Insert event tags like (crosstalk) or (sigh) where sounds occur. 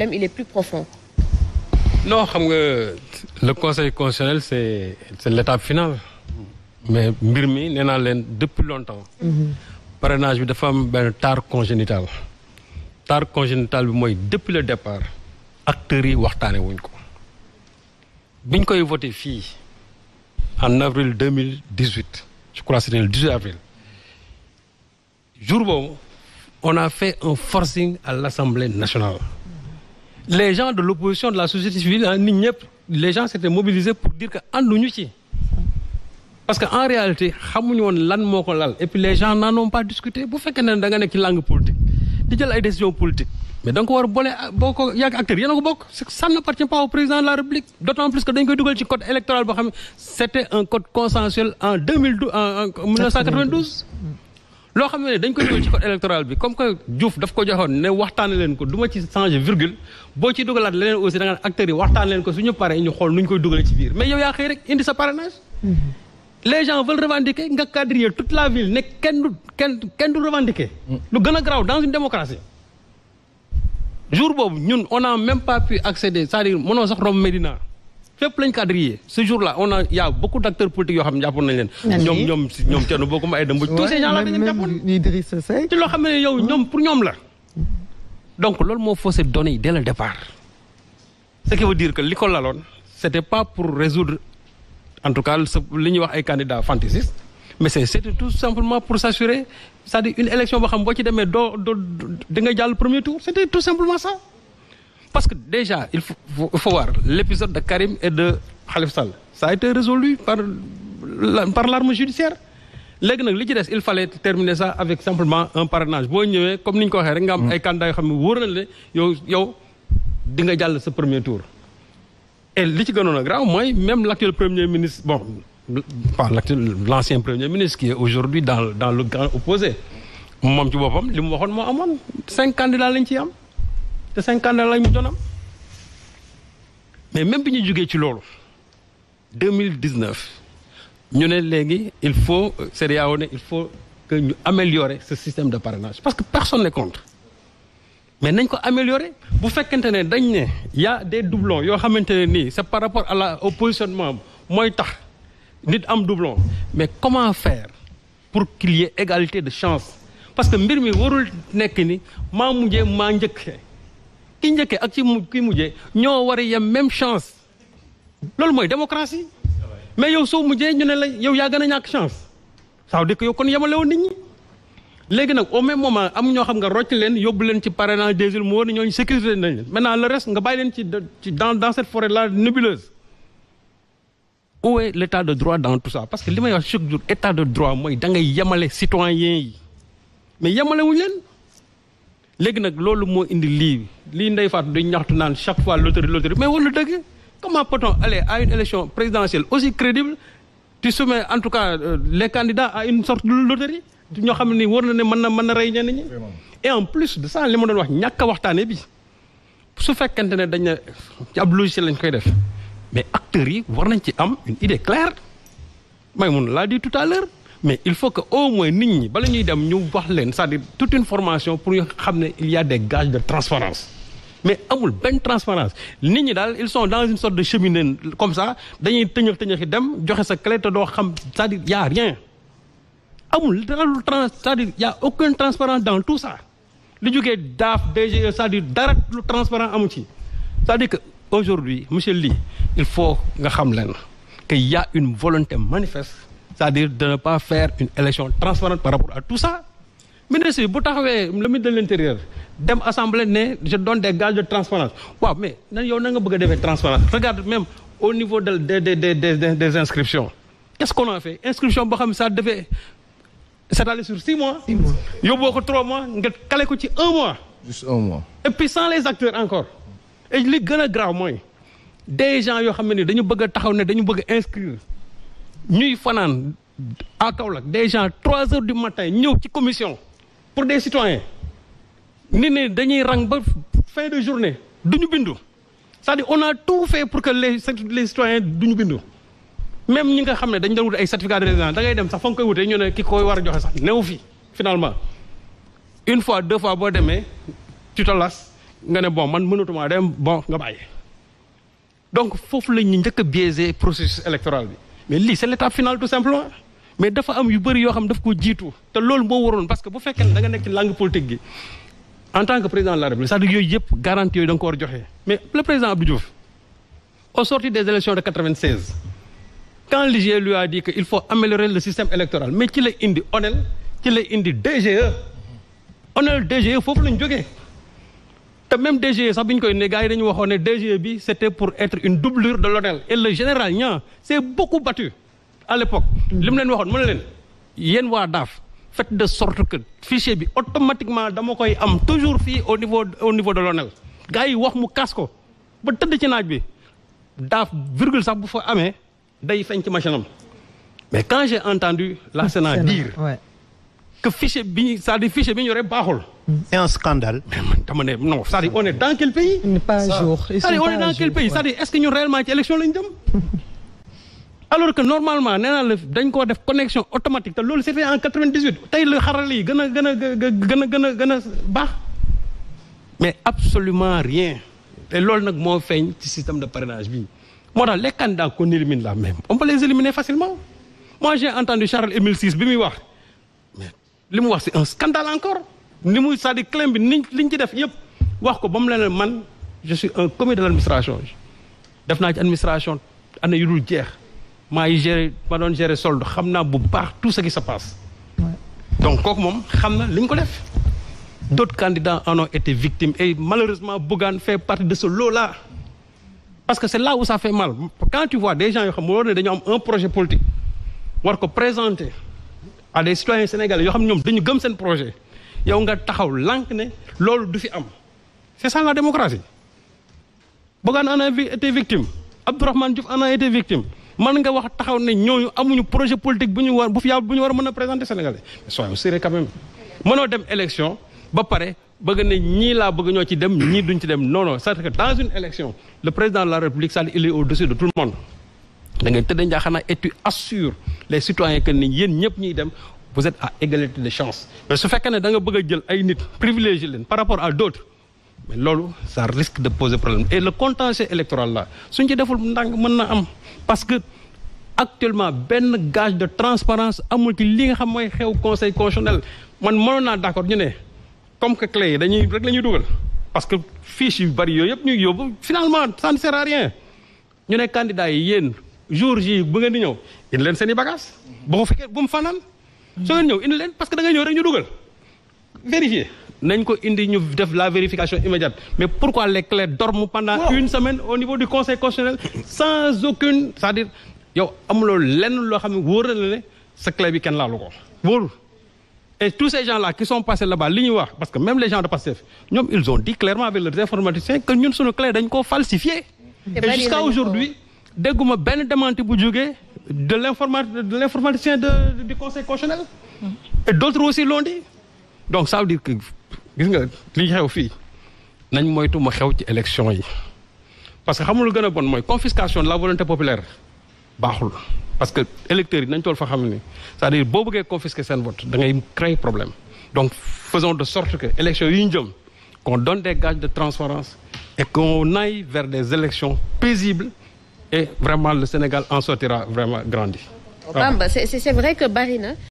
problème il xam nga le conseil constitutionnel c'est c'est l'étape mais mbir mi nee naa leen depuis longtemps parrainage bi dafa am benn tare congénitale tare congénitale bi mooy depuis le départ acteurs yi waxtaane wuñ ko biñ koy voté fii en avril 2018 je crois c'était le 18 avril jour boobu on a fait un forcing à l'Assemblée nationale les gens de l'opposition de la société civile ah nit ñëpp les gens s'étaient mobilisés pour dire que ànduñu ci parce que en réalité xamuñu woon lan moo ko lal et les gens n'en ont pas discuté bu fekkee ne da nga nekk ci langue politique di ay décisions politiques mais da ko war a boole boo ko yàgg acteur yéena ko bokk ça n'appartient pas au président de la République d'autant plus que dañ koy dugal ci code électoral boo xam c'était un code consensuel loo xam ne dañ ko ñëw ci code électoral bi comme que Diouf daf ko joxoon ne waxtaane leen ko duma ci changer virgule boo ci dugalaat leneen aussi da nga ne acteurs yi waxtaan leen ko suñu paree ñu xool nu ñu koy dugalee ci biir mais yow yaa xëy rek indi sa parrainage mm-hmm. les gens veulent revendiquer nga quadriller toute la ville ne kenn du kenn kenn du revendiquer mm-hmm. lu gën a garaaw dans une démocratie jour boobu ñun on n'a même pas pu accéder c'est-à-dire mënoo sax romb Médina fépp lañ quadrillé ce jour-là on a y' beaucoup d' acteurs yoo xam ne jàppoon nañ ñoom ñoom si ñoom loo xam ne yow ñoom pour ñoom la. Mm-hmm. donc loolu moo faussé données yi dès le départ. ce qui veut dire que li ko laloon c' pas pour résoudre en tout cas li ñuy wax ay candidats fantaisistes mais c' était tout simplement pour s'assurer cest à xam boo ci demee doo doo nga jàll premier tour c' tout simplement ça. Parce que déjà, il faut, faut, faut voir, l'épisode de Karim et de Khalif Sall, ça a été résolu par, par l'arme judiciaire. léegi nag li ci des il fallait terminer ça avec simplement un parrainage boo ñëwee comme ni ñu ko waxee rek nga am mm. ay candidats yoo xam ne wóor na le yow yow di nga jàll sa premier tour et li ci gënoon a grave mooy même l' actuel premier ministre bon pas l' actuel l' ancien premier ministre qui est aujourd'hui dans dans le camp opposé moom ci boppam li mu waxoon moo amoon cinq candidats lañ ciy am te cinquante lañ mu doonam mais même bi ñu jógee ci loolu deux mille dix neuf ñu ne léegi il faut CEDEAO ne il faut que ñu améliorer ce système de parrainage parce que personne n'est contre mais nañ ko améliorer bu fekkente ne dañ ne yaa a des doublons yoo xamante ne nii c'est par rapport à la au positionnement mooy tax nit am doublon mais comment faire pour qu'il égalité de chance parce que mbir mi warul nekk ni maa mujjee maa njëkkee ki njëkkee ak ci kii ki ñoo war a yem même chance loolu mooy démocratie mais yow soo mujjee ñu ne la yow yaa gën a ñàkk chance ça veut dire que kon yemale woon nit ñi. léegi nag au même moment am ñoo xam nga rocc leen yóbbu leen ci parrainage des îles mu war na ñooñu sécurité nañ leen maintenant le reste nga bàyyi leen ci ci dans dans cette forêt là nébuleuse. où de droit dans tout ça parce que li may wax jour état de droit mooy da ngay yemale citoyen yi mais yemale leen. léegi nag loolu moo indi lii lii Ndeye Fatou dañ ñaxtu naan chaque fois loterie loterie mais warul dëgg comment peut-on aller à une élection présidentielle aussi crédible tu soumets en tout cas euh, les candidats à une sorte de loterie ñoo xam ni war na ne mën na mën na rey ñenn ñi et en plus de ça li ma doon wax ñàkk a waxtaane bi su fekkente ne dañ ne ci ab logiciel lañ koy def mais acteurs yi war nañ ci am une idée claire may mun laa di tout à l'heure mais il faut que au moins nit ñi bala ñuy dem ñu wax leen c'est-à-dire toute une pour ñu xam ne il y a des gages de transparence mais amul benn transparence nit ñi daal ils sont dans une sorte de cheminée comme ça dañuy tëñëx tëñëxi dem joxe sa clé doo xam c'est-à-dire y rien amul dara lu trans cest à transparence dans tout ça li jógee daaf DG c'est-à-dire dara lu transparent amu ci c'est-à-dire que aujourd'hui monsieur lii il faut nga xam leen que y une volonté manifeste c'est-à-dire de ne pas faire une élection transparente par rapport à tout ça ministre bu taxawee le ministre de l'intérieur dem assemblée ne je donne des gages de transparence waaw mais nan yow na nga bëgg a defee transparence regarde même au niveau de des des des des inscriptions qu'est-ce a fait inscription boo xam ne ça devait s'étaler sur six mois. six mois yóbboo ko trois mois nga kale ko ci un mois. mois. et puis sans les acteurs encore. et li gën a grave mooy des gens yoo xam ne dañu bëgg a taxaw ne dañu bëgg a ñuy fanaan à Kaolack des trois heures du matin ñëw ci commission pour des citoyens ni ne dañuy rang ba fin de journée duñu bindu c'est-à-dire on a tout fait pour que les les citoyens duñu bindu même ñi nga xam ne dañ doon wut ay certificat de résidence da ngay dem sax fa nga koy wutee ñu ne ki koy war a joxe sax new fi finalement une fois deux fois boo demee tu te nga ne bon man mënatumaa dem bon nga bàyyi donc foofu la ñu njëkk a biaisé processus électoral bi mais lii c'est l'étape finale tout simplement mais dafa am yu bëri yoo xam daf ko jiitu te loolu moo waroon parce que bu fekkee ne da nga nekk ci langue politique gi en tant que président de la République c'est-à-dire yooyu yëpp garantie yooyu da nga ko war a joxe mais le président Abdou Diouf au sorti des élections de 96 quand l'IGE lui a dit il faut améliorer le système électoral mais ci la indi ONEL ci e. e, la indi DGE ONEL DGE foofu lañ jógee te même DG sax bi koy ne gars yi dañu waxoon ne DG bi c' était pour être une doublure de Lionel et le général Niang s' est beaucoup battu à l' li mu leen waxoon ne leen yéen waa daaf fet de sorte que fichier bi automatiquement dama koy am toujours fii au niveau au niveau de Lionel gars yi wax mu kaas ko ba tëdd ci naaj bi daaf virgule sax bu fa amee day feeñ ci machine am mais cangé j'ai entendu la Sénat dire ouais. que fichier bi c'est-à-dire fichier bi ñu yore baaxul. c'est un scandale. mais man dama ne non on est dans quel pays. n'est pas à jour cest (laughs) alors que normalement nee naa la dañ koo def connexion automatique te loolu c'était en 98 tey la xarala yi gën a gën a gën a gën a gën baax. mais absolument rien te loolu nag moo feeñ ci système de parrainage bi moo tax les candidats qu'on élimine là même on peut les éliminer facilement moi j'ai entendu Charles Émile Ciss bi muy wax. li mu wax c'est un scandale encore ni muy c'est-à-dire claim bi niñ liñ ci def yëpp wax ko ba mu leen man je un comité de l'administration def naa ci administration année yu dul jeex maa yi gérer ma doon gérer solde xam naa bu baax tout ce qui sa passe donc kooku moom xam na li ñu ko def d'autres candidats en ont été victimes et malheureusement Bougane fait partie de ce lot-là parce que c'est là où ça fait mal quand tu vois des gens yoo xam ne dañoo am un projet politique war ko présenter à des citoyens sénégalais yoo xam ne ñoom dañu gëm seen projet yow nga taxaw lànk ne loolu du fi am c'est ça la démocratie Bougane en a été victime Abdourahmane Diouf en a été victime man nga wax taxaw ne ñooñu amuñu projet politique bu ñu war bu fi bu ñu war a mën a présenter sénégalais soyons sérieux mënoo dem élection ba pare bëgg ne ñii laa bëgg ñoo ci dem ñii duñ ci dem non non que dans une élection le président de la république ça il de tout le monde da ngay tëddee njaaxaanaay et tu assures les citoyens que ni yéen ñëpp ñuy dem vous êtes à égalité de chance mais su fekkee ne danga nga bëgg jël ay nit privilégié leen par rapport à d'autres mais loolu ça risque de poser problème et le contentieux électoral là suñ ci deful ndànk mën na am parce que actuellement benn gage de transparence amul ci li nga xam mooy xew conseil constitutionnel man mënoon naa d'accord ñu ne comme que clé yi dañuy rek la ñuy dugal parce que fiche yu bari yooyu yëpp ñuy yóbbu finalement ça ne sert ñu ne candidats yi yéen jour ji bu ngeen ñëw indi leen seen i bagage boo ko fekkee bu fanaan soo ngeen ñëw indi leen parce que da ngay ñëw rek ñu dugal vérifier nañ ko indi ñu def la vérification immédiate mais pourquoi les clés dorment pendant une semaine au niveau du conseil constitutionnel sans aucune c'est-à-dire yow amuloo lenn loo xam ne wóor na la ne sa clé bi kenn laalu ko wóorul et tous ces gens là qui sont passés là-bas li ñuy parce que même les gens de Pastef ñoom ils que ñun suñu clé dañ koo falsifié et dégguma benn démenti bu jógee de l'informatique de l'informaticien de du conseil constitutionnel. et d'autres aussi l'ont dit. donc ça veut dire que gis nga li xew fii nañ moytu ma xew ci élection yi parce que xamul gën a bon mooy confiscation de la volonté populaire baaxul parce que électeur yi nañ tool fa xam ni cest dire boo bëggee confisquer seen vote da ngay créer problème donc faisons de sorte que élection yi ñu jëm qu'on donne des gages de transparence et qu'on aille vers des élections paisibles et vraiment le Sénégal en sortira vraiment grandi. Bamba c'est vrai que bari na